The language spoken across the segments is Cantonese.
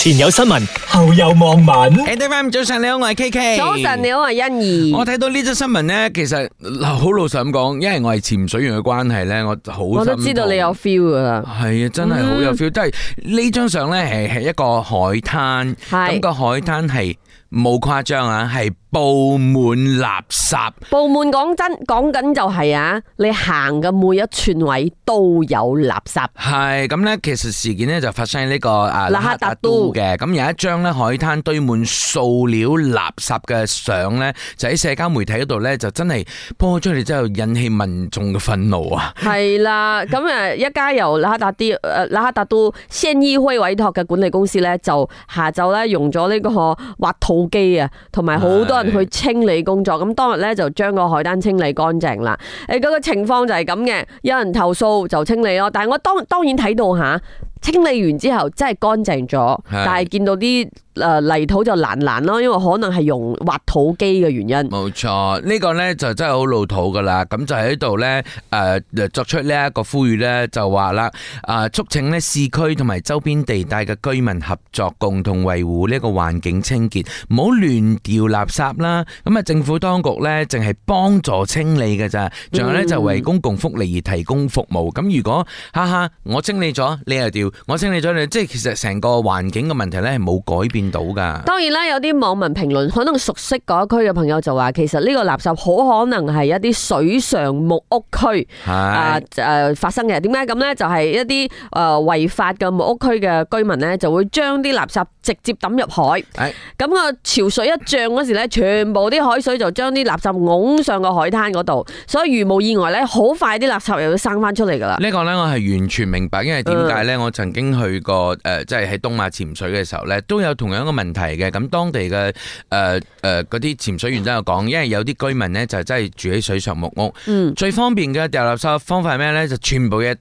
前有新聞，後有網民。早晨你好，我係 KK。早晨你好，我係欣怡。我睇到呢則新聞咧，其實嗱，好老實咁講，因為我係潛水員嘅關係咧，我好我都知道你有 feel 噶啦。係啊，真係好有 feel，即係呢張相咧係係一個海灘，咁個海灘係冇誇張啊，係。佈滿垃圾，佈滿講真講緊就係啊，你行嘅每一寸位都有垃圾。係咁咧，其實事件咧就發生喺呢個啊拉哈達都嘅，咁有一張咧海灘堆滿塑料垃圾嘅相咧，就喺社交媒體嗰度咧就真係播出嚟，之後，引起民眾嘅憤怒啊！係啦，咁啊，一家由拉哈達啲誒拉哈達都市議會委託嘅管理公司咧，就下晝咧用咗呢個挖土機啊，同埋好多。去清理工作，咁當日咧就將個海灘清理乾淨啦。誒、哎，嗰、那個情況就係咁嘅，有人投訴就清理咯。但係我當然當然睇到吓、啊，清理完之後真係乾淨咗，但係見到啲。誒泥土就爛爛咯，因為可能係用挖土機嘅原因。冇錯，呢、這個呢就真係好老土噶啦。咁就喺度呢，誒、呃、作出呢一個呼籲呢，就話啦，誒促請呢市區同埋周邊地帶嘅居民合作，共同維護呢一個環境清潔，唔好亂掉垃圾啦。咁啊，政府當局呢，淨係幫助清理嘅咋，仲有呢，就為公共福利而提供服務。咁、嗯、如果哈哈我清理咗你又掉，我清理咗你，即係其實成個環境嘅問題呢，係冇改變到噶，當然啦，有啲網民評論，可能熟悉嗰一區嘅朋友就話，其實呢個垃圾好可能係一啲水上木屋區啊誒發生嘅。點解咁呢？就係、是、一啲誒違法嘅木屋區嘅居民呢，就會將啲垃圾直接抌入海。咁個是的 潮水一漲嗰時呢，全部啲海水就將啲垃圾拱上個海灘嗰度，所以如無意外呢，好快啲垃圾又要生翻出嚟噶啦。呢個呢，我係完全明白，因為點解呢？嗯、我曾經去過誒，即係喺東馬潛水嘅時候呢，都有同兩個問題嘅，咁當地嘅誒誒嗰啲潛水員都有講，因為有啲居民咧就真係住喺水上木屋，嗯，最方便嘅掉垃圾方法係咩咧？就全部嘅。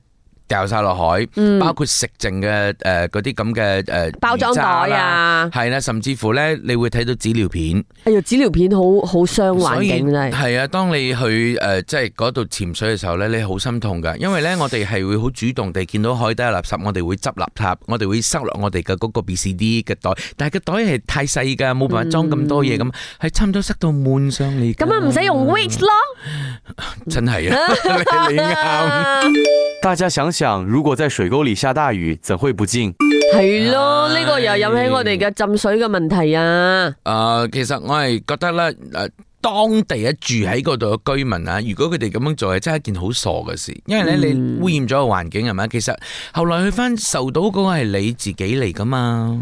掉晒落海，包括食剩嘅，誒嗰啲咁嘅誒包裝袋啊，係啦，甚至乎咧，你會睇到紙尿片。哎呀，紙尿片好好傷環境真係。係啊，當你去誒即係嗰度潛水嘅時候咧，你好心痛噶，因為咧我哋係會好主動地見到海底嘅垃圾，我哋會執垃圾，我哋會塞落我哋嘅嗰個 B C D 嘅袋，但係個袋係太細噶，冇辦法裝咁多嘢咁，係差唔多塞到滿上嚟。咁啊，唔使用 weight 咯？真係啊！你你啱。大家想起。如果在水溝裏下大雨，怎會不進？係咯，呢、這個又引起我哋嘅浸水嘅問題啊！誒、 呃，其實我係覺得咧，呃.當地一住喺嗰度嘅居民啊，如果佢哋咁樣做，係真係一件好傻嘅事，因為咧你污染咗個環境係咪？嗯、其實後來去翻，受到嗰個係你自己嚟噶嘛。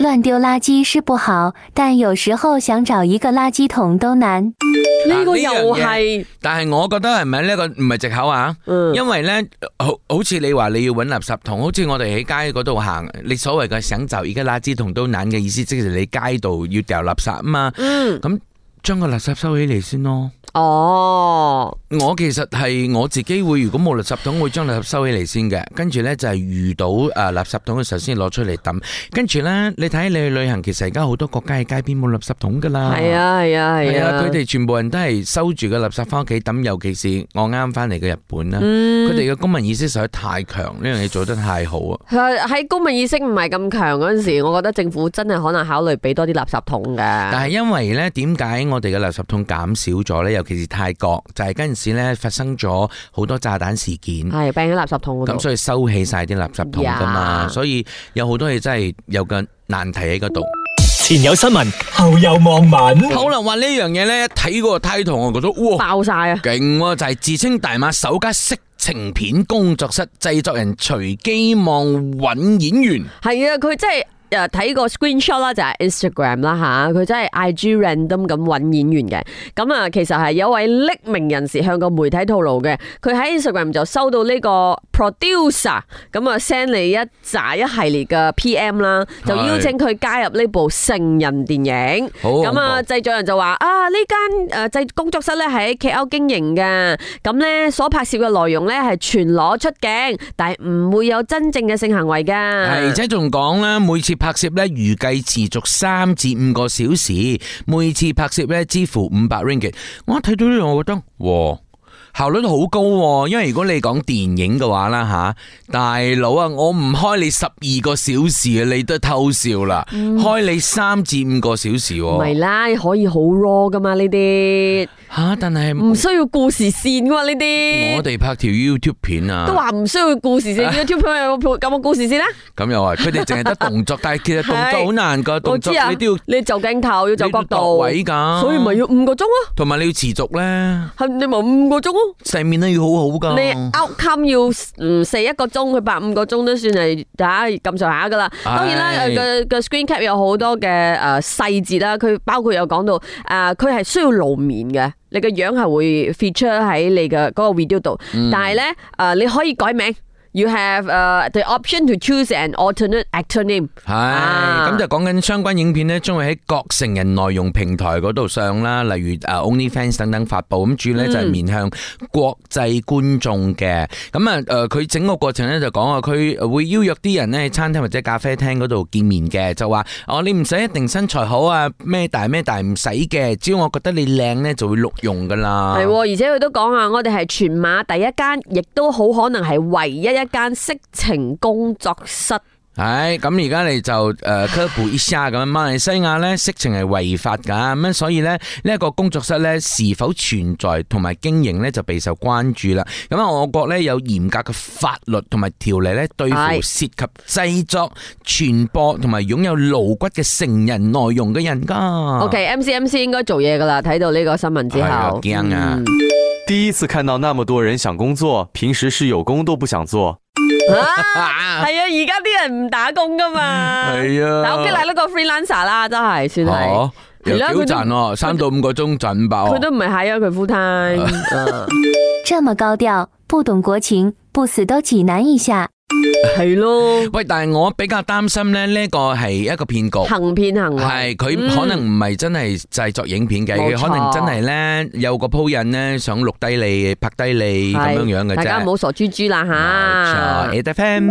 亂丟垃圾是不好，但有時候想找一個垃圾桶都難。呢個、啊、又係，但係我覺得係咪呢個唔係借口啊？嗯、因為呢，好好似你話你要揾垃圾桶，好似我哋喺街嗰度行，你所謂嘅想就而家垃圾桶都難嘅意思，即係你街度要掉垃圾啊嘛。咁、嗯。嗯將個垃圾收起嚟先咯。Oh. 我其實係我自己會，如果冇垃圾桶，會將垃圾收起嚟先嘅。跟住咧就係遇到誒垃圾桶嘅時候，先攞出嚟抌。跟住咧，你睇你去旅行，其實而家好多國家喺街邊冇垃圾桶噶啦。係啊係啊係啊！佢哋全部人都係收住個垃圾翻屋企抌。尤其是我啱翻嚟嘅日本啦，佢哋嘅公民意識實在太強，呢樣嘢做得太好啊！喺公民意識唔係咁強嗰陣時，我覺得政府真係可能考慮俾多啲垃圾桶㗎。但係因為咧，點解我哋嘅垃圾桶減少咗咧？尤其是泰國，就係跟，咧發生咗好多炸彈事件，係掟咗垃圾桶。咁所以收起晒啲垃圾桶噶嘛，嗯、所以有好多嘢真係有個難題喺嗰度。前有新聞，後有網民， 可能話呢樣嘢咧睇個,個 title 我覺得哇爆晒了啊，勁喎！就係、是、自稱大馬首家色情片工作室製作人隨機網揾演員，係 啊，佢真係。誒，睇個 screenshot 啦，就係 Instagram 啦吓，佢真係 IG random 咁揾演員嘅。咁啊，其實係有一位匿名人士向個媒體透露嘅，佢喺 Instagram 就收到呢、這個。producer 咁啊，send 你一扎一系列嘅 PM 啦，就邀請佢加入呢部成人電影。好咁啊，製作人就話啊，呢間誒製工作室咧係喺 KL 經營嘅，咁咧所拍攝嘅內容咧係全裸出鏡，但係唔會有真正嘅性行為嘅。係而且仲講啦，每次拍攝咧預計持續三至五個小時，每次拍攝咧支付五百 ringgit。我一睇到呢樣，我覺得哇！效率好高，因為如果你講電影嘅話啦吓，大佬啊，我唔開你十二個小時啊，你都偷笑啦，開你三至五個小時，唔係啦，可以好 raw 噶嘛呢啲，吓，但係唔需要故事線噶呢啲，我哋拍條 YouTube 片啊，都話唔需要故事線，YouTube 有冇，有冇故事線啦。咁又係，佢哋淨係得動作，但係其實動作好難噶，動作你都要，你要就鏡頭，要就角度，所以咪要五個鐘咯，同埋你要持續咧，你咪五個鐘。成面都要好好噶，你 outcome 要嗯四一個鐘去八五個鐘都算係大家咁上下噶啦。當然啦，個個 screen cap 有好多嘅誒細節啦，佢包括有講到誒，佢係需要露面嘅，你個樣係會 feature 喺你嘅嗰個 video 度，但係咧誒你可以改名。You have 呃 the option to choose an alternate actor name。係，咁就講緊相關影片咧，將會喺各成人內容平台嗰度上啦，例如啊 OnlyFans 等等發布。咁主要咧就係面向國際觀眾嘅。咁啊，誒佢整個過程咧就講話，佢會邀約啲人咧喺餐廳或者咖啡廳嗰度見面嘅，就話哦你唔使一定身材好啊咩大咩大唔使嘅，只要我覺得你靚咧就會錄用噶啦。係，而且佢都講啊，我哋係全馬第一間，亦都好可能係唯一一。一間色情工作室，係咁而家，你就誒，呃、科普一下，咁馬來西亞咧，色情係違法噶，咁所以咧呢一個工作室咧是否存在同埋經營咧就備受關注啦。咁啊，我國咧有嚴格嘅法律同埋條例咧，對付涉及製作、傳播同埋擁有露骨嘅成人內容嘅人噶。O K、okay, M C M C 應該做嘢噶啦，睇到呢個新聞之後。哎呀，驚啊。第一次看到那麼多人想工作，平時是有工都不想做。係 啊，而家啲人唔打工㗎嘛，係 啊，尤其嚟呢個 freelancer 啦，真係算係。有挑戰哦，三到五個鐘賺五百佢都唔係喺啊，佢 full time。這麼高調，不懂國情，不死都濟南一下。係是咯，喂！但係我比較擔心咧，呢個係一個騙局騙騙行，行騙行係佢可能唔係真係製作影片嘅，佢、嗯、可能真係咧有個鋪印咧想錄低你拍低你咁是樣樣嘅啫。大家唔好傻豬豬啦吓！冇錯、啊、錯，ATM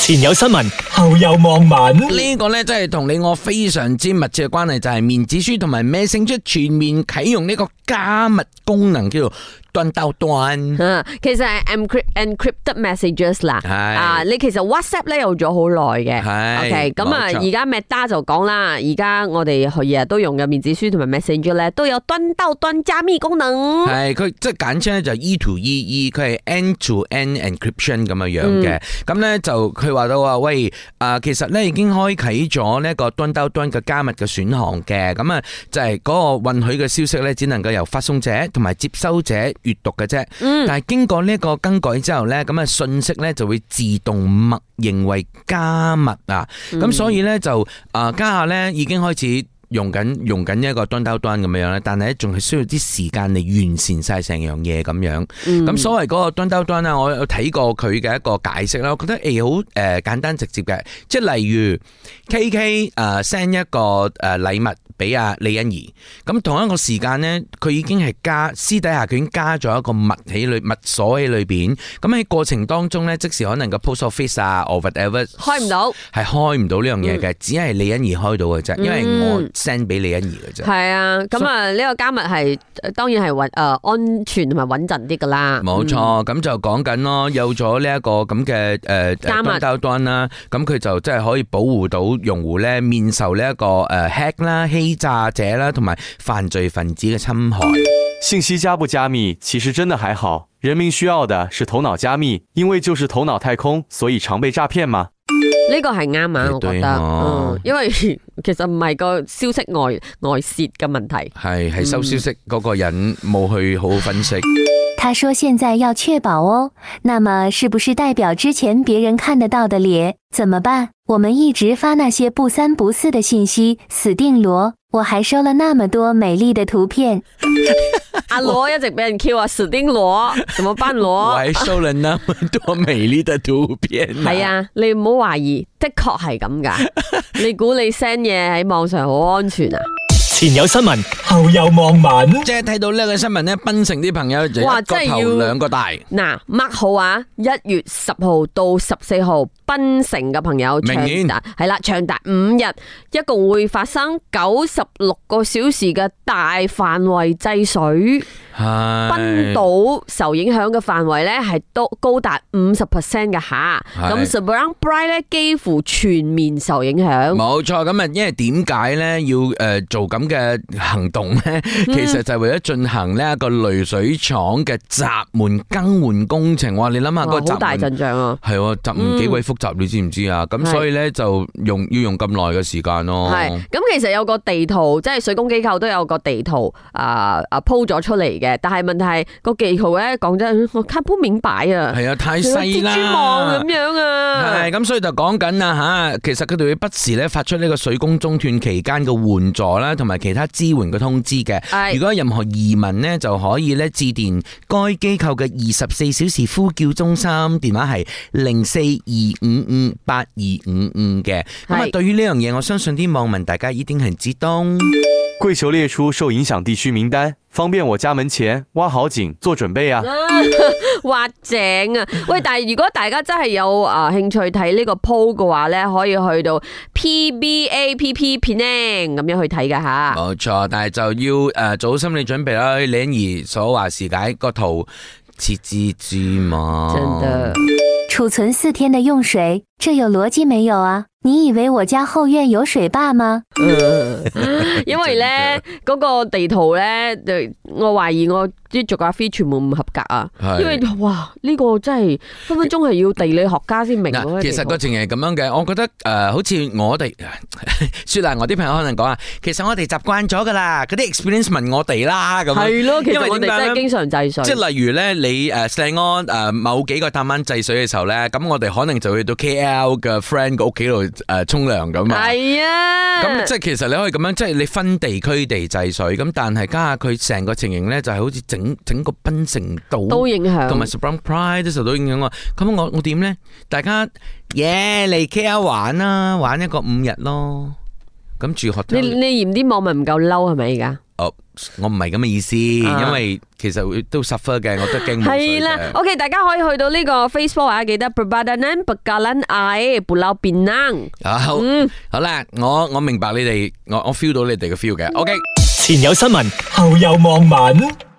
前有新聞，後有網民，個呢個咧真係同你我非常之密切嘅關係，就係、是、面子書同埋咩聲出全面啟用呢個加密功能，叫做。端到端，嗯，其實係 encrypt encrypted messages 啦，係啊，你其實 WhatsApp 咧用咗好耐嘅，係，OK，咁啊，而家 Meta 就講啦，而家我哋日日都用嘅面子書同埋 message 咧都有端到端加密功能，係，佢即係簡稱咧就 E to E，佢係 N to N encryption 咁樣樣嘅，咁咧就佢話到話，喂，啊，其實咧已經開啟咗呢一個端到端嘅加密嘅選項嘅，咁啊，就係嗰個允許嘅消息咧只能夠由發送者同埋接收者。閱讀嘅啫，嗯、但係經過呢個更改之後呢，咁啊，信息呢就會自動默認為加密啊，咁、嗯、所以呢，就啊家下呢已經開始。用緊用緊一個 done done done 咁樣咧，但係咧仲係需要啲時間嚟完善晒成樣嘢咁樣。咁、嗯、所謂嗰個 done done done 啊，我有睇過佢嘅一個解釋啦，我覺得誒好誒簡單直接嘅。即係例如 KK 誒 send 一個誒、呃、禮物俾阿李欣怡，咁同一個時間咧，佢已經係加私底下佢已經加咗一個物喺裏物鎖喺裏邊。咁喺過程當中咧，即使可能個 post office 啊，whatever，o 開唔到，係開唔到呢樣嘢嘅，嗯、只係李欣怡開到嘅啫，因為我。send 俾李欣怡嘅啫。係啊，咁啊呢個加密係當然係穩，誒安全同埋穩陣啲噶啦。冇 錯，咁就講緊咯，有咗呢一個咁嘅誒加密。交密啦，咁佢就即係可以保護到用戶咧，免受呢一個誒 hack 啦、欺詐者啦同埋犯罪分子嘅侵害。信息加不加密其實真的還好，人民需要的是頭腦加密，因為就是頭腦太空，所以常被詐騙嘛。呢個係啱啊，我覺得，對對哦嗯、因為其實唔係個消息外外泄嘅問題，係係收消息嗰個人冇、嗯、去好好分析。他說：現在要確保哦，那麼是不是代表之前別人看得到的臉怎麼辦？我們一直發那些不三不四的信息，死定羅我還收了那麼多美麗的圖片，阿羅、 啊、一直俾人 Q 啊！死定囉，怎麼辦？羅， 我還收了那麼多美麗的圖片，啊，係 啊，你唔好懷疑，的確係咁㗎， 你估你 send 嘢喺網上好安全啊？前有新聞，後有網民，即係睇到呢個新聞咧，檳城啲朋友就話個頭兩個大。嗱，mark 好啊！一月十號到十四號，檳城嘅朋友，明年係啦，長達五日，一共會發生九十六個小時嘅大範圍制水。係，檳島受影響嘅範圍咧係都高達五十 percent 嘅吓。咁 Seberang Perai 咧幾乎全面受影響。冇錯，咁啊，因為點解咧要誒做咁嘅？嘅行動咧，其實就係為咗進行呢一個濾水廠嘅閘門更換工程。你諗下個大陣仗啊！係喎、哦，閘門幾鬼複雜，嗯、你知唔知啊？咁所以咧就用是要用咁耐嘅時間咯。係咁，其實有個地圖，即係水工機構都有個地圖啊啊鋪咗出嚟嘅。但係問題係、那個地圖咧，講真，我卡鋪面擺啊！係啊，太細啦、呃，蜘蛛網咁樣啊！係咁，所以就講緊啊吓，其實佢哋會不時咧發出呢個水工中斷期間嘅援助啦，同埋。其他支援嘅通知嘅，的如果任何疑問呢，就可以咧致電該機構嘅二十四小時呼叫中心，電話係零四二五五八二五五嘅。咁啊的，對於呢樣嘢，我相信啲網民大家已經係知東。跪求的列出受影響地區名單。方便我家門前挖好井做準備啊！挖井啊！喂，但係如果大家真係有啊興趣睇呢個鋪嘅話咧，可以去到 P B A P P Penang 咁樣去睇㗎吓。冇錯，但係就要誒做好心理準備啦。靚兒所話是解個圖切蜘蛛嘛？真的，儲存四天嘅用水，這有邏輯沒有啊？你以為我家後院有水壩嗎？因為咧嗰個地圖咧，我懷疑我啲坐標非全部唔合格啊！因為哇，呢個真係分分鐘係要地理學家先明嗰。其實個情係咁樣嘅，我覺得誒，好似我哋雪蘭莪啲朋友可能講啊，其實我哋習慣咗噶啦，嗰啲 experience 問我哋啦，咁係咯，其實我哋真係經常制水，即係例如咧，你誒，新安誒，某幾個探灣制水嘅時候咧，咁我哋可能就去到 KL 嘅 friend 個屋企度。誒，沖涼咁啊！係啊，咁即係其實你可以咁樣，即係你分地區地制水，咁但係家下佢成個情形咧，就係好似整整個檳城島都影響，同埋 Seberang Perai 都受到影響啊！咁我我點咧？大家耶嚟 KL 玩啦，玩一個五日咯，咁住學。你你嫌啲網民唔夠嬲係咪而家？我唔係噉嘅意思，啊、因為其實都十分嘅。我覺得勁唔到。OK，大家可以去到呢個 Facebook，或者記得：brother name，brother name，brother name。好啦、嗯，我明白你哋，我，我 feel 到你哋嘅 feel 嘅、okay。OK，前有新聞，後有網民。